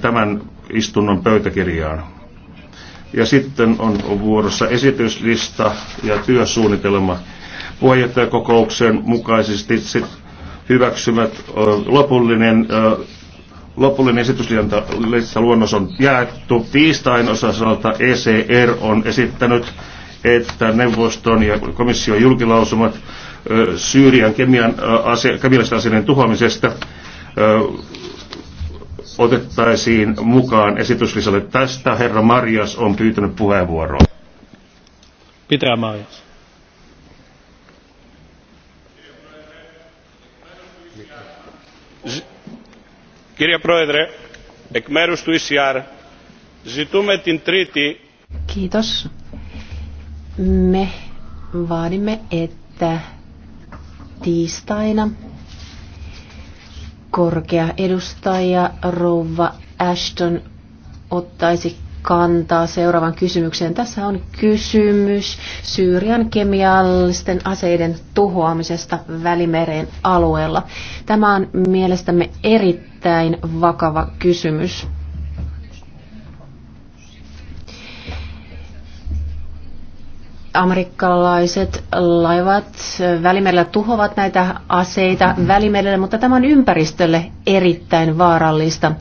tämän istunnon pöytäkirjaan. Ja sitten on vuorossa esityslista ja työsuunnitelma puheenjohtajakokouksen mukaisesti sit hyväksymät lopullinen Lopullinen esityslista luonnos on jaettu. Tiistain osasalta ECR on esittänyt, että neuvoston ja komission julkilausumat Syyrian kemian, ase, kemiallisten aseiden tuhoamisesta otettaisiin mukaan esityslisälle Tästä herra Marjas on pyytänyt puheenvuoroa. Pitää Marjas. Kirja Proedre, εκ μέρους του ECR, ζητούμε Kiitos. Me vaadimme, että tiistaina korkea edustaja Rouva Ashton ottaisi kantaa seuraavan kysymykseen. Tässä on kysymys Syyrian kemiallisten aseiden tuhoamisesta Välimeren alueella. Tämä on mielestämme erittäin vakava kysymys. amerikkalaiset laivat Välimerellä tuhovat näitä aseita välimerellä, mutta tämä on ympäristölle erittäin vaarallista.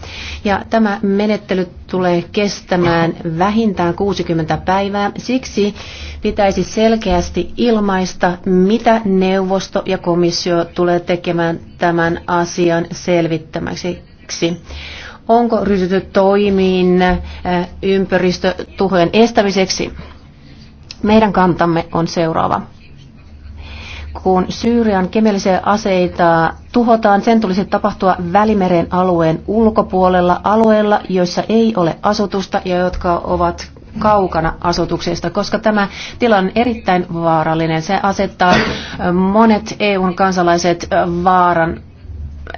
Ja tämä menettely tulee kestämään vähintään 60 päivää. Siksi pitäisi selkeästi ilmaista, mitä neuvosto ja komissio tulee tekemään tämän asian selvittämäksi. onko ryhdytty toimiin ympäristötuhojen estämiseksi? Meidän kantamme on seuraava. Kun Syyrian kemiallisia aseita tuhotaan, sen tulisi tapahtua Välimeren alueen ulkopuolella alueella, joissa ei ole asutusta ja jotka ovat kaukana asutuksesta, koska tämä tilanne on erittäin vaarallinen. Se asettaa monet EUn kansalaiset vaaran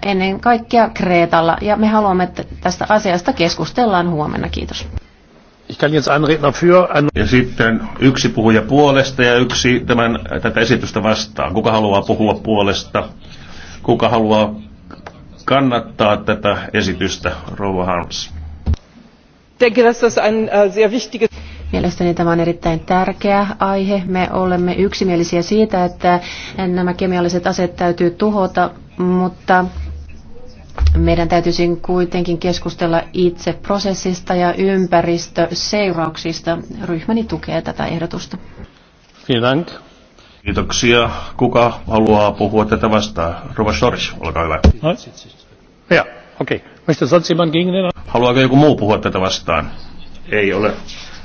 ennen kaikkea Kreetalla, ja me haluamme, että tästä asiasta keskustellaan huomenna. Kiitos. Ja sitten yksi puhuja puolesta ja yksi tämän, tätä esitystä vastaan. Kuka haluaa puhua puolesta? Kuka haluaa kannattaa tätä esitystä, Rouva Harms? Äh, Mielestäni tämä on erittäin tärkeä aihe. Me olemme yksimielisiä siitä, että nämä kemialliset aseet täytyy tuhota, mutta meidän täytyisi kuitenkin keskustella itse prosessista ja ympäristöseurauksista. Ryhmäni tukee tätä ehdotusta. Kiitoksia. Kiitoksia. Kuka haluaa puhua tätä vastaan? Rova Sors, olkaa hyvä. No. Ja, okei. Haluaako joku muu puhua tätä vastaan? Ei ole.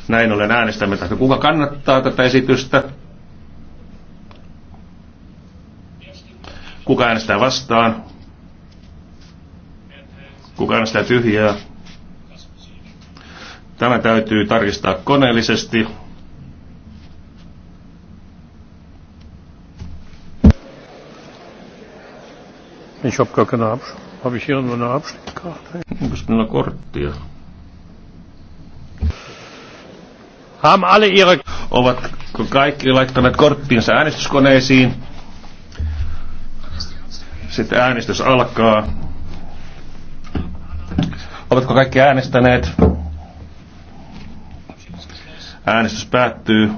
Näin olen äänestämme Kuka kannattaa tätä esitystä? Kuka äänestää vastaan? kuka äänestää tyhjää. Tämä täytyy tarkistaa koneellisesti. Ich habe gar keine Abstimmung. Habe ich irgendwo eine Abstimmkarte? Onko minulla kortti? Haben alle ihre... Ovatko kaikki laittaneet korttinsa äänestyskoneisiin? Sitten äänestys alkaa. Ovatko kaikki äänestäneet? Äänestys päättyy.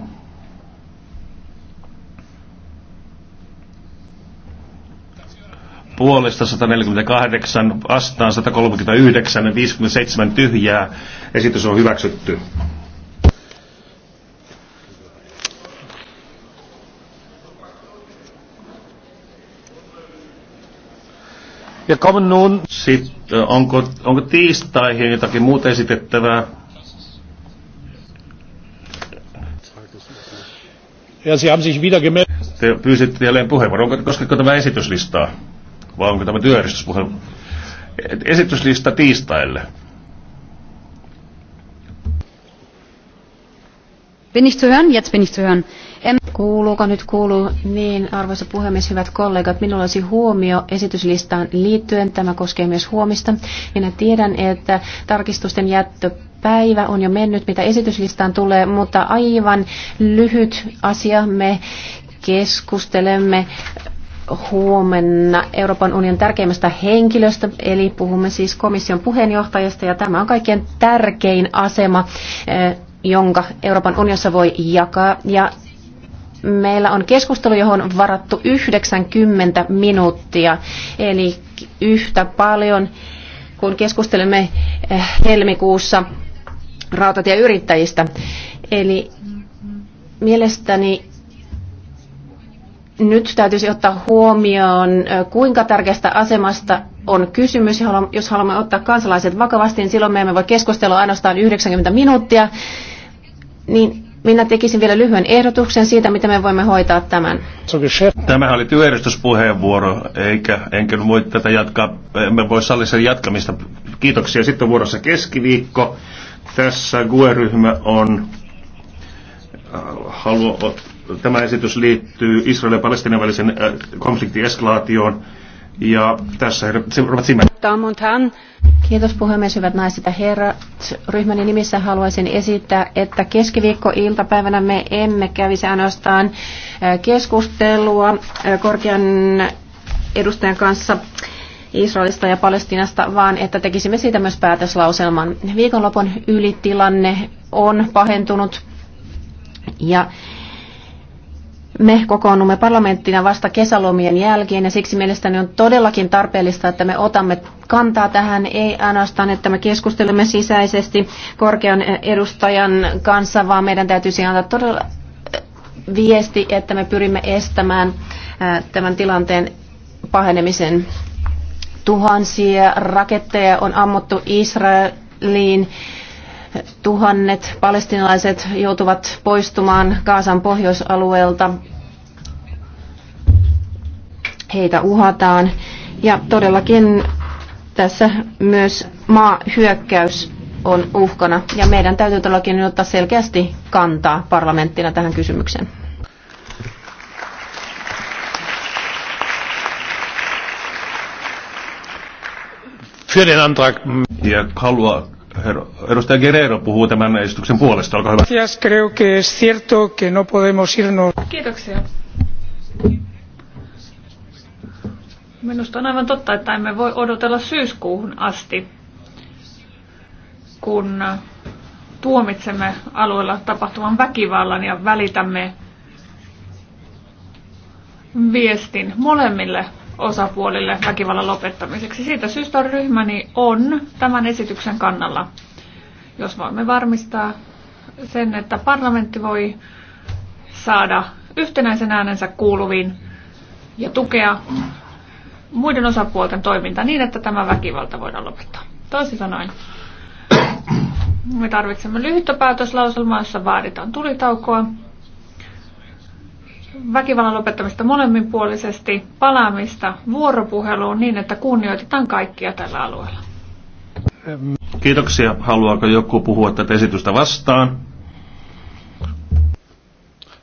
puolesta 148, vastaan 139, 57 tyhjää. Esitys on hyväksytty. Wir kommen nun sitten onko, onko tiistaihin jotakin muuta esitettävää? Ja se on siis Te pyysitte jälleen puheenvuoron. Onko, koskeko tämä esityslistaa? Vai onko tämä työjärjestyspuheenvuoro? Esityslista tiistaille. Bin ich zu hören? Jetzt bin ich zu hören. En... Kuuluuko nyt kuuluu? Niin, arvoisa puhemies, hyvät kollegat, minulla olisi huomio esityslistaan liittyen. Tämä koskee myös huomista. Minä tiedän, että tarkistusten jättö päivä on jo mennyt, mitä esityslistaan tulee, mutta aivan lyhyt asia. Me keskustelemme huomenna Euroopan unionin tärkeimmästä henkilöstä, eli puhumme siis komission puheenjohtajasta, ja tämä on kaikkein tärkein asema eh, jonka Euroopan unionissa voi jakaa. Ja Meillä on keskustelu, johon varattu 90 minuuttia, eli yhtä paljon kuin keskustelimme eh, helmikuussa rautatieyrittäjistä. Eli mielestäni nyt täytyisi ottaa huomioon, eh, kuinka tärkeästä asemasta on kysymys. Jos haluamme ottaa kansalaiset vakavasti, niin silloin me emme voi keskustella ainoastaan 90 minuuttia. Niin minä tekisin vielä lyhyen ehdotuksen siitä, mitä me voimme hoitaa tämän. Tämä oli työjärjestyspuheenvuoro, eikä, enkä voi tätä jatkaa, emme voi sallia sen jatkamista. Kiitoksia. Sitten vuorossa keskiviikko. Tässä GUE-ryhmä on, äh, Haluo tämä esitys liittyy Israelin ja Palestinian välisen äh, konfliktin eskalaatioon. Ja tässä herra Zimmer. Kiitos puhemies, hyvät naiset ja herrat. Ryhmäni nimissä haluaisin esittää, että keskiviikko-iltapäivänä me emme kävisi ainoastaan keskustelua korkean edustajan kanssa Israelista ja Palestinasta, vaan että tekisimme siitä myös päätöslauselman. Viikonlopun ylitilanne on pahentunut ja me kokoonnumme parlamenttina vasta kesälomien jälkeen ja siksi mielestäni on todellakin tarpeellista, että me otamme kantaa tähän, ei ainoastaan, että me keskustelemme sisäisesti korkean edustajan kanssa, vaan meidän täytyisi antaa todella eh, viesti, että me pyrimme estämään eh, tämän tilanteen pahenemisen. Tuhansia raketteja on ammuttu Israeliin Tuhannet palestinalaiset joutuvat poistumaan Kaasan pohjoisalueelta. Heitä uhataan. Ja todellakin tässä myös maahyökkäys on uhkana. Ja meidän täytyy todellakin ottaa selkeästi kantaa parlamenttina tähän kysymykseen. Ja halua Edustaja Guerrero puhuu tämän esityksen puolesta. Olkaa hyvä. Creo que es cierto que no podemos irnos. Kiitoksia. Minusta on aivan totta, että emme voi odotella syyskuuhun asti, kun tuomitsemme alueella tapahtuvan väkivallan ja välitämme viestin molemmille osapuolille väkivallan lopettamiseksi. Siitä syystä ryhmäni on tämän esityksen kannalla, jos voimme varmistaa sen, että parlamentti voi saada yhtenäisen äänensä kuuluviin ja tukea muiden osapuolten toimintaa niin, että tämä väkivalta voidaan lopettaa. Toisin sanoen, me tarvitsemme lyhyttä päätöslauselmaa, jossa vaaditaan tulitaukoa väkivallan lopettamista molemminpuolisesti, palaamista vuoropuheluun niin, että kunnioitetaan kaikkia tällä alueella. Kiitoksia. Haluaako joku puhua tätä esitystä vastaan?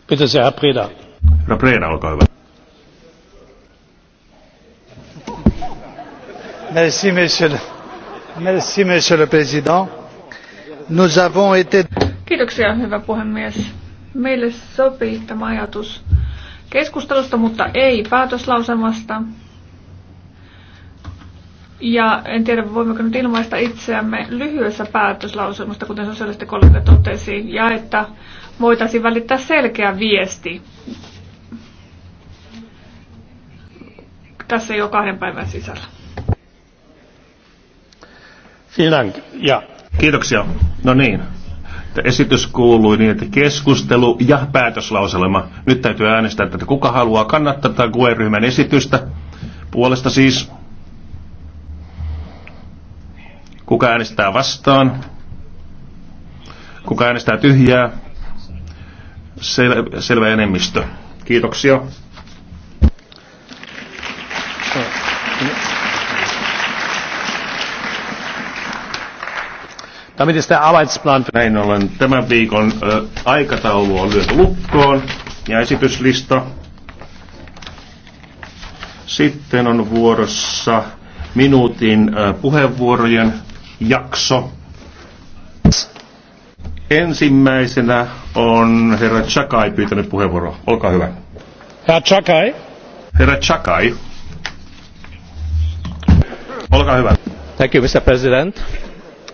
Pitäisi se Herr Preda. Herra Preda, olkaa hyvä. Merci, monsieur le, Merci, monsieur le président. Nous avons été... Kiitoksia, hyvä puhemies. Meille sopii tämä ajatus keskustelusta, mutta ei päätöslauselmasta. Ja en tiedä, voimmeko nyt ilmaista itseämme lyhyessä päätöslauselmasta, kuten kollega totesi, ja että voitaisiin välittää selkeä viesti. Tässä jo kahden päivän sisällä. ja Kiitoksia. No niin, esitys kuului niin, että keskustelu ja päätöslauselma. Nyt täytyy äänestää, että kuka haluaa kannattaa tätä QE-ryhmän esitystä. Puolesta siis. Kuka äänestää vastaan? Kuka äänestää tyhjää? Sel- selvä enemmistö. Kiitoksia. Damit ist der Arbeitsplan... Näin ollen tämän viikon ö, aikataulu on lyöty lukkoon ja esityslista. Sitten on vuorossa minuutin ö, puheenvuorojen jakso. Ensimmäisenä on herra Chakai pyytänyt puheenvuoroa. Olkaa hyvä. Herra Chakai. Herra Chakai. Olkaa hyvä. Thank you, Mr. President.